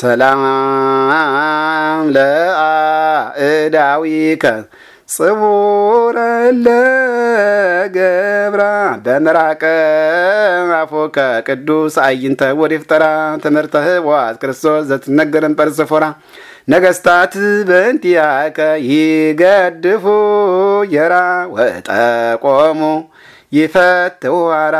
ሰላም ለአእዳዊከ ጽቡረ ለገብራ በምራቀ አፎከ ቅዱስ አይንተ ወዲፍጠራ ትምህርተ ህዋት ክርስቶስ ዘትነገርን ጵርስፎራ ነገስታት በንቲያከ ይገድፉ የራ ወጠቆሙ ይፈትዋራ